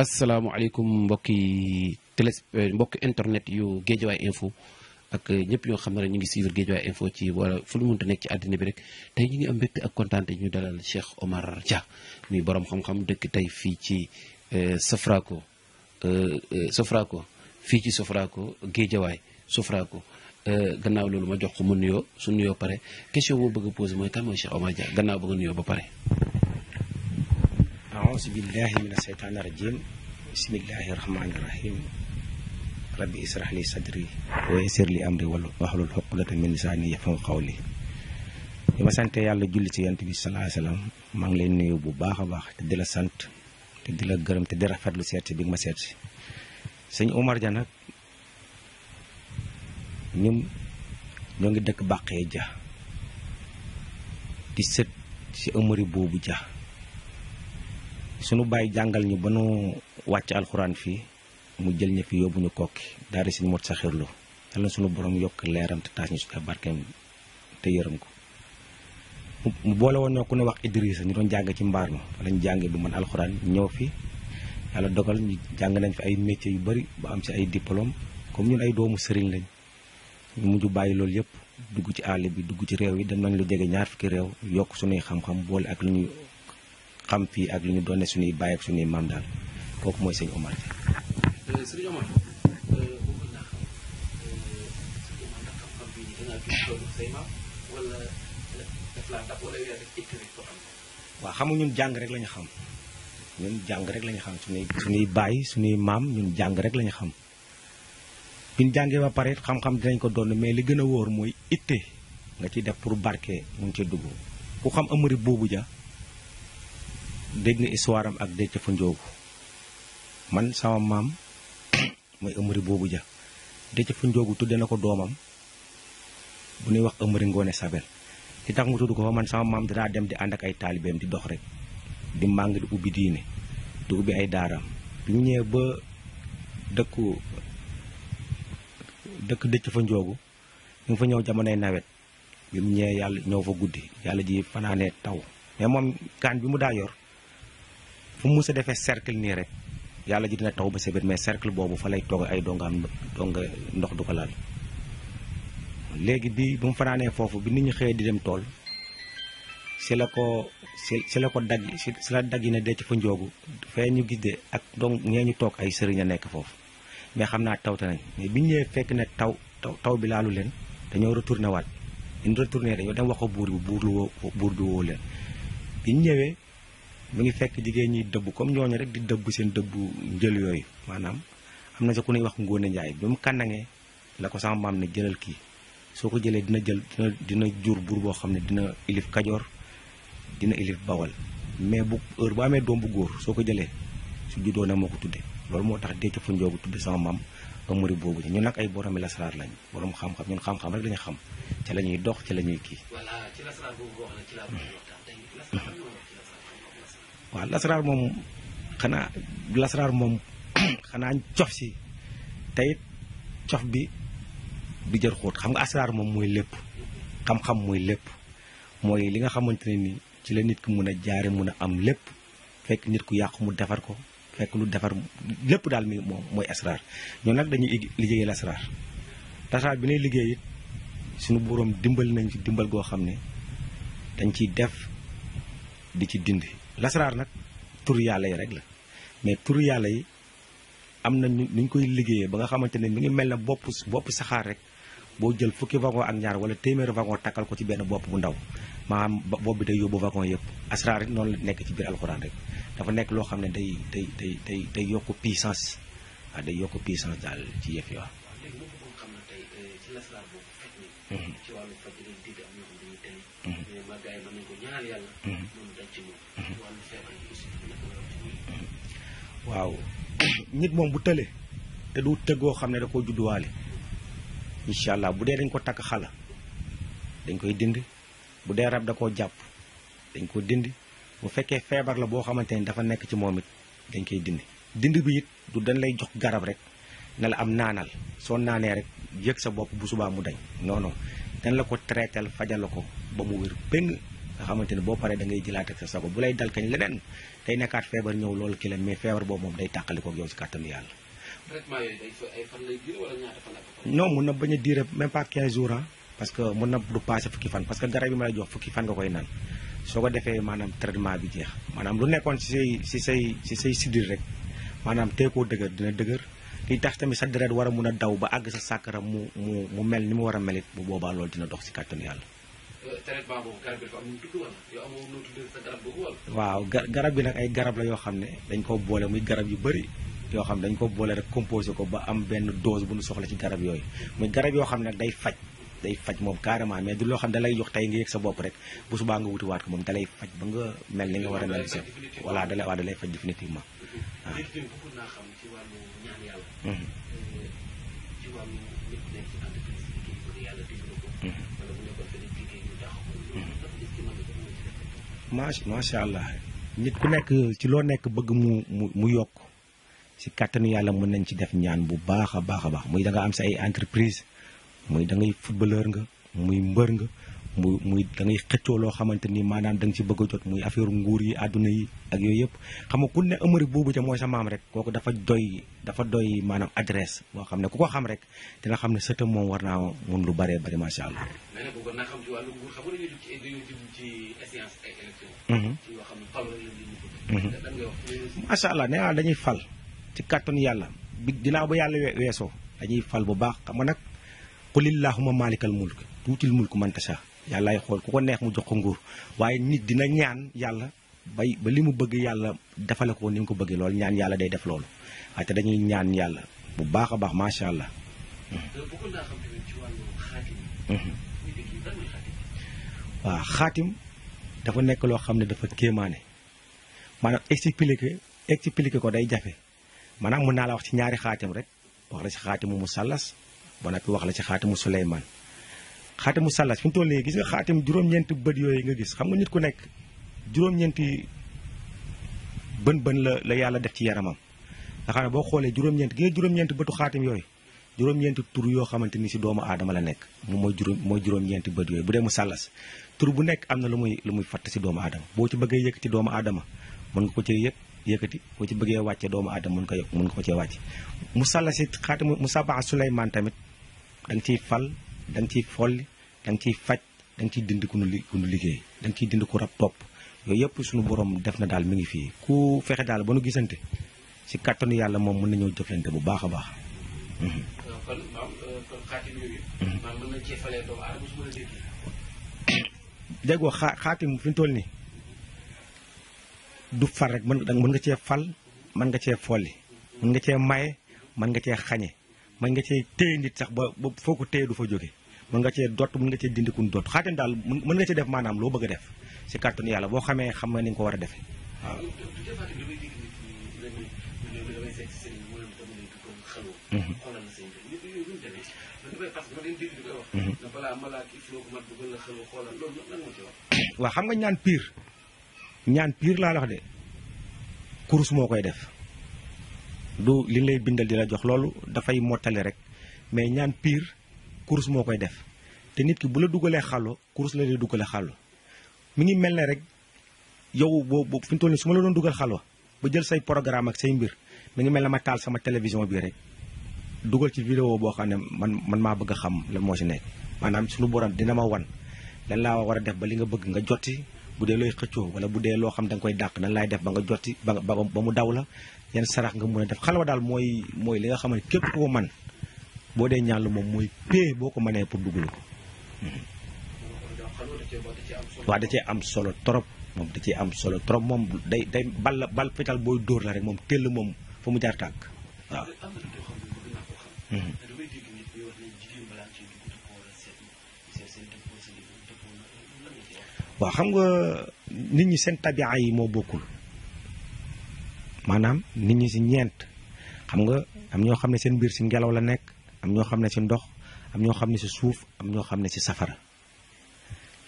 asalaamaaleykum mbokki télé euh, mbokki internet yu Guédiawaye info ak ñëpp ñoo xam ne rek ñu ngi suivre Guédiawaye info ci wala fu lu mënta nekk ci àddina bi rek tey ñu ngi am mbégte ak kontaante ñu dalal Cheikh Omar Dia muy borom xam dëkk tey fii ci Sofraco euh, Sofraco euh, fii ci Sofraco Guédiawaye Sofraco gannaaw loolu ma jox ko mu nuyoo su nuyoo pare question boo bëgg a mooy kan mooy Cheikh Omar Dia gannaaw ba nuyoo ba pare. أعوذ بالله من الشيطان الرجيم بسم الله الرحمن الرحيم ربي اشرح لي صدري ويسر لي أمري واحلل عقدة من لساني يفقهوا قولي di ma sante yàlla julli ci yant bi salaa salaam maa ngi leen nuyu bu baax a te di sant te di la te di rafetlu seet bi nga ma seet si sëñ Dia nag ñun ñoo ngi dëkk Ja di sët si ëmëri boobu Ja sunu bay jangal ñu ba wacc alquran fi mu jël ñëpp yobu ñu kokki daari si mot sa xirlu yàlla sunu borom yok leeram te tax ñu ci barkem te yeeram ko. mu bolé won ñoku ne wax Idrissa ñu doon jang ci mbar ma lañ jangé bu man alquran ñew fi yàlla dogal ñu jang nañ fi ay métier yu bari bu am ci ay diplôme comme ñun ay doomu sëriñ lañ ñu mujj bayyi lool yépp dugg ci àll bi dugg ci réew yi dañ nañ lu jégué ñaar fi réew yok sunuy xam-xam bolé ak lu xam fi ak lu ñu doone suñu baye ak suñu maam daal kooku mooy sëñ Omar euh, sëñ Omar euh, euh, waaw xamu ñun rek lañu xam ñun rek lañu xam ñun rek lañu xam biñ ba xam-xam dinañ ko doon mais li nga ci def pour mu ci dugg degni iswaram ak Déthié Fa man sama mam, mooy Amary Boubou Dia Déthié Fa Ndiogou tudde nako domam bu ni wax umri ngone Sabel ci tax mu tuddu ko man sama mam danaa dem di ànd ak ay talibem di dox rek di mang di ubi dine di ubi ay daaraam bi ñe ñëwee ba dëkku dëkk Déthié Fa Ndiogou ñu fa ñew jamonay nawet bi mu ñëwee yàlla ñëw fa ji fanane taw mais mom kan bi mu da yor fu musa defé cercle ni rek yalla ji dina taw ba sebet mais cercle bobu fa lay toog ay dongam donga ndox du ko lal légui bi bu mu fofu bi nit ñi di dem tol si la ko si la ko dag si la dagg yi ne ci fa ñu ak dong ñeñu tok ay serigne nek fofu mais xamna taw tawte nañ mais bi ñëwee fekk ne taw taw bi lalu len dañu retourner wat ñu retourner dañu dem waxo ko bi buur lu bi mu ngi fekk jigéen ñi dëbb comme ñooñu rek di dëbb seen dëbbu njël yooyu maanaam am na sa ku ñuy wax Ngóone Njaay bi mu kànnangee la ko sama maam ne jëlal kii soo ko jëlee dina jël dina jur buur boo xam ne dina ilif kajoor dina ilif bawal mais bu heure bu amee doom bu góor soo ko jëlee su juddoo na moo ko tuddee loolu moo tax dee fa njoogu tudde sama maam amari boobu ñun nag ay boromi lasaraar lañ borom xam-xam ñun xam-xam rek lañu xam ci la ñuy dox ci la ñuy kii. voilà ci lasaraar boobu boo xam waaw lasaraar moom xanaa lasaraar moom xanaa cof si tey cof bi du jër xóot xam nga asraar moom mooy lépp xam-xam mooy lépp mooy li nga xamante ne ni ci la nit ki mën a jaare mun a am lépp fekk nit ku yàqu mu defar ko fekk lu defar lépp daal mi moom mooy asraar ñun nag dañuy liggéeyee lasaraar lasaraar bi ne liggéey it suñu boroom dimbal nañ ci dimbal goo xam ne dañ ciy def di ci dindi lasaraar nag tur yàlla yi rek la mais tur yàlla yi am na ñu koy liggéeyee ba nga xamante ne mi ngi mel na bopp bopp saxaar rek boo jël fukki wagon ak ñaar wala téeméeri wagon takkal ko ci benn bopp bu ndaw maanaam bopp bi day yóbbu wagon yëpp asraar rek noonu la nekk ci biir alxuraan rek dafa nekk loo xam ne day day day day day yokk puissance waaw day yokk puissance daal ci yëf yi waaw. waaw nit moom bu tëlee te du tëggoo xam ne da koo judduwaale incha allah bu dee dañ ko takk xala dañ koy dind bu dee rab da koo jàpp dañ ko dind bu fekkee feebar la boo xamante ni dafa nekk ci moom it dañ koy dind dind bi it du dañ lay jox garab rek ne la am naanal soo naanee rek yëg sa bopp bu subaa mu dañ non non dañ la ko traité fajal la ko ba mu wër ben nga xamanteni bo paré da ngay jëlaat ak sa sago bu lay dal kañ leneen tay nekkat fièvre ñew lool ki la mais fièvre bo mom day tàqali ak yow si kàttan yàlla non mu na baña a même pas 15 jours hein parce que mu na du passé fukki fan parce que garab yi ma lay jox fukki fan nga koy nan soko défé manam traitement bi jeex manam lu nekkon si sey si sey si sey sidir rek manam té ko dëgër dina dëgër li tax tamit sa deret wara mëna daw ba ag sa sakara mu mu mel ni mu wara melit bu boba loolu dina dox ci kàttan yalla traitement boobu garab waaw garab gi nag ay garab la yoo xam ne dañ koo boole muy garab yu bëri yoo xam ne dañ koo boole rek composé ko ba am benn dose bu ñu soxla ci garab yooyu muy garab yoo xam ne day faj. day faj moom carrément mais du loo xam ne da lay jox tey nga yëg sa bopp rek bu subaa nga wuti waat ko moom da faj ba nga mel ni nga war a mel si voilà da lay waaw da lay faj définitivement waaw ci wàllu yàlla mhm. euh, macha allah nit ku nekk ci loo nekk bëgg mu mu si kàttanu alam mën nañ ci def ñaan bu baax a baax a baax muy da nga am sa ay entreprise muy da ngay footballeur nga muy mbër nga mu muy da ngay xëccoo loo xamante ni maanaam da nga ci bëgg a jot muy affaire nguur yi àdduna yi ak yooyu yëpp xam nga ku ne ëmëri boobu ca mooy sa maam rek kooku dafa doy dafa doy maanaam adresse boo xam ne ku ko xam rek dina xam ne sëtam moom war naa mun lu bare bëri macha allah. mais nag bëggoon naa xam ci wàllu nguur xam nga dañuy ci dañuy jëm ci échéance ay élection. Mhm. ci yoo xam ne fal la ñu mhm. lan ngay wax. macha allah nee naa dañuy fal ci kàttanu yàlla bi dinaa ba yàlla weesoo dañuy fal bu baax xam nga nag qulillahuma malikal mulk tuutil mulk man tasha yàllaay xool ku ko neex mu jox ko nguur waye nit dina ñaan yalla bay ba limu bëgg yalla defale ko ni ko bëgg lool ñaan yalla day def lool ay te dañuy ñaan yalla bu baax a baax macha allah. waaw xaatim dafa nekk loo xam ne dafa kéemaane manam expliquer expliquer ko day jafé manam mu na la wax ci ñaari khatim rek wax la ci khatim musallas ba noppi wax la ci khatim sulayman xaatimu salas fi mu toll nii gis nga xaatim juróom-ñeenti bët yooyu nga gis xam nga nit ku nekk juróom-ñeenti bën bën la la yàlla def ci yaramam nga xam ne boo xoolee juróom-ñeent gi nga juróom-ñeenti bëtu xaatim yooyu juróom-ñeenti tur yoo xamante ni si doomu aadama la nekk moom mooy juróom mooy juróom-ñeenti bët yooyu bu dee mu sàllas tur bu nekk am na lu muy lu muy fatt si doomu aadama boo ci bëggee yëkkati doomu aadama mën nga ko cee yëg yëkkati boo ci bëggee wàcce doomu aadama mën ko yëg mën nga ko cee wàcce mu sàllasi xaatimu mu tamit danga ciy folli danga nga ciy faj da nga ciy dindi ku nu liggéey danga ciy dind ku rab topp yooyu yëpp suñu boroom def na daal mi ngi fii ku fexe daal ba nu gisante si kàttanu yàlla moom mën nañoo jëflante bu baax a baax. Mhm. Euh, mhm. cee falee doomu aadama toll nii du far rek mën nga cee fal man nga cee folli mën nga cee maye man nga cee xañe mën nga cee téye nit sax ba ba foo ko téye du fa jóge mën nga ci dot mën nga ci dindi kun dot xaatim dal mën nga ci def manam lo bëgg def ci carton yalla bo xamé xam nga ni nga ko war a defee mm-hmm. xam nga ñaan pire ñaan piir la wax de kurus mo koy def du li lay bindal di la jox da fay mottali rek mais ñaan pire course moo koy def te nit ki bu la dugalee xàllo course la dee dugalee xàllo mu ngi mel ne rek yow boo boo fi mu toll nii su ma la doon dugal xaloo ba jël say programme ak say mbir mi ngi mel ne ma taal sama télévision bii rek dugal ci vidéo boo xam ne man man maa bëgg xam la moo si nekk maanaam suñu borom dina ma wan lan laa war a def ba li nga bëgg nga jotti bu dee looy xëccoo wala bu dee loo xam da nga koy dàq nan laay def ba nga jotti ba ba mu daw la yan sarax nga mën def xalwa daal mooy mooy li nga xam ne képp koo man boo dee ñaan moom mooy pay boo ko manee pour dugal ko waaw da cee am solo trop moom da cee am solo trop moom day day bal bal fetal booy dóor la rek moom tëll moom fa mu jaar tàkk waaw xam nga nit ñi seen tabia yi moo bokkul maanaam nit ñi si ñeent xam nga am ñoo xam ne seen biir si ngelaw la nekk am ñoo xamne ne ci ndox am ñoo xamne ne ci suuf am ñoo xamne ne ci safara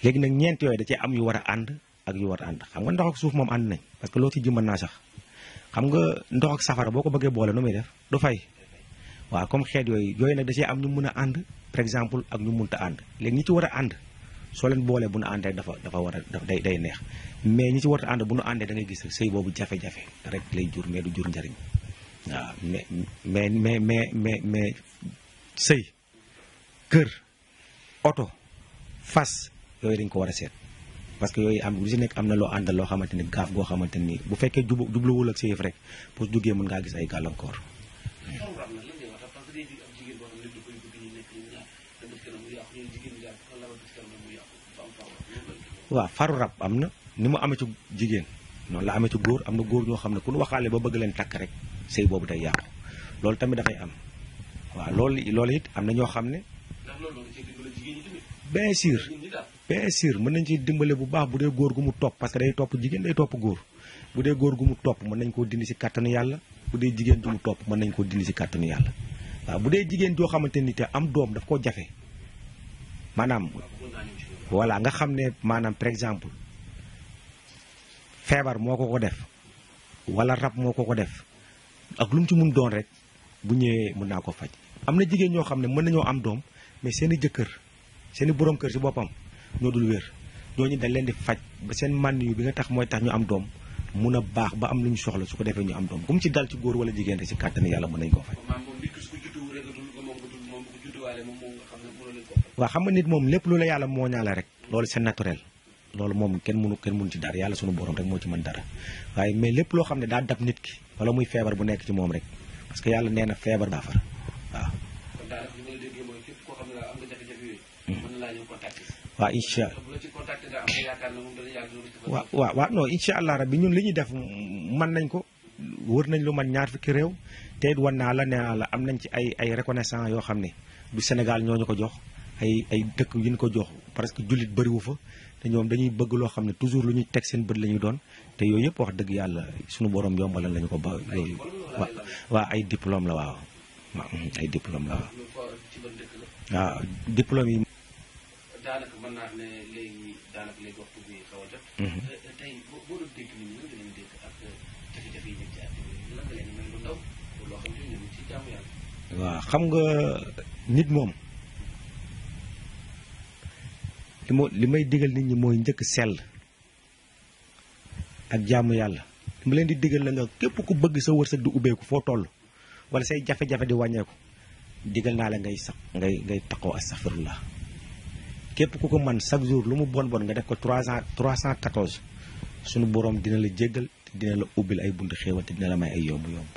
léegi nak ñent yoy da ci am yu wara and ak yu wara and xam nga ndox ak suuf mom and nañ parce que lo ci jëm na sax xam nga ndox ak safara boko ko bëggee boole nu def du fay wa comme xeet yoy yoy nak da ci am ñu mëna and par exemple ak ñu munta and léegi ñi ci wara and so len leen bu ñu andé dafa dafa wara day day neex mais ñi ci wara and bu ñu andé da ngay gis sey bobu jafé jafé rek lay jur mais du jur ndariñ waaw mais mais mais mais mais sëy kër oto fas yooyu dañ ko war a seet parce que yooyu am si nekk am na loo àndal loo xamante ni gaaf goo xamante ni bu fekkee jub jubluwul ak sëyëf rek pour duggee mën ngaa gis ay gàllankoor. waa faru rab am na ni mu amee ci jigéen noonu la amee ci góor am na góor ñoo xam ne ku nu waxaale ba bëgg leen takk rek sëy boobu day yàqu loolu tamit dafay am. wa lol lol it am ño xamne ne. bien sûr bien sûr nañ ci dimbalé bu baax budé gor gu mu top parce que day top, jigen day top gor budé gor gu mu top meun nañ ko dindi ci katanu yalla budé jigen du mu top meun nañ ko dindi ci katanu yalla wa budé jigen do xamanteni té am dom daf ko jafé manam wala nga xamné ne par exemple feebar moko ko def wala rap moko ko def ak lu ci mën don rek bu ñëwee mën na ko faj amna na jigéen ñoo xam mën nañu am doom mais seen jëkkeur seen borom kër si bopam ñoo dul wér ñooñu dañ leen di faj ba seen mànn yu bi nga tax moy tax ñu am doom mëna baax ba am luñu soxla suko défé ñu am doom ci dal ci goor wala jigéen rek katan yalla mën nañ ko faj wa xam nit mom lepp lu la yàlla moo rek lolu c'est naturel lolu mom kenn mënu kenn mënu ci dar yalla suñu borom rek mo ci mën dara waye mais lepp lo xamne da dab nit ki wala muy bu nek ci mom rek parce que yàlla nee na feebar daafara waaw. kon daal li may déggee mooy képp koo allah hmm. bu la ñun li ñuy def man nañ ko wër nañ lu man ñaar fukki réew te it naa la nee naa la am nañ ci ay ay reconnaissance yoo xam ne du Sénégal ñooñu ko jox ay dëkk yu ñu ko jox parce que jullit bariwu fa te ñoom dañuy bëgg loo xam ne toujours lu ñuy teg seen bët la ñuy doon te yooyu yëpp wax dëgg yàlla suñu borom yombalal lañu ko ba yooyu waa ay diplôme la waaw waaw yi daanaka xam xam nga nit moom ki mo limay may digal nit ñi moy njëkk sel ak jaamu yalla mu leen di digal la nga kep ku bëgg sa wërsëg ubbe ko fo toll wala say jafé jafé di wañé ko digal na la ngay sax ngay ngay taqoo astaghfirullah kep ku ko man chaque jour lu mu bon bon nga def ko 300 314 suñu borom dina la jéggal dina la ubbil ay buntu xéewal dina la may ay yomb yomb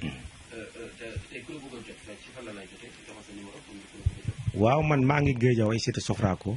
hmm. waaw man maa ngi ay way cité ko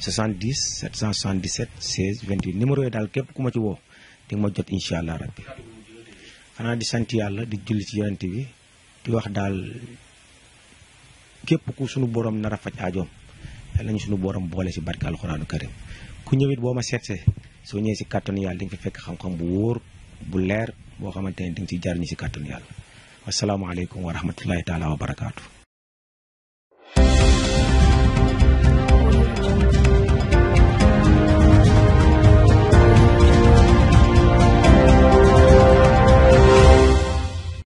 70 777 16 28 numéro yi daal képp ku ma ci woo di ma jot incha allah rabbi xanaa di sant yàlla di julli ci yonent bi di wax daal képp ku sunu borom nar a faj aajoom yàlla ñu borom boole si barke alxuraanu karim ku ñëwit boo ma seetsee soo ñëwee si kàttanu yàlla di nga fi fekk xam-xam bu wóor bu leer boo xamante ne di nga ci jariñu si kàttanu yàlla wasalaamaaleykum wa rahmatullahi taala wa barakaatu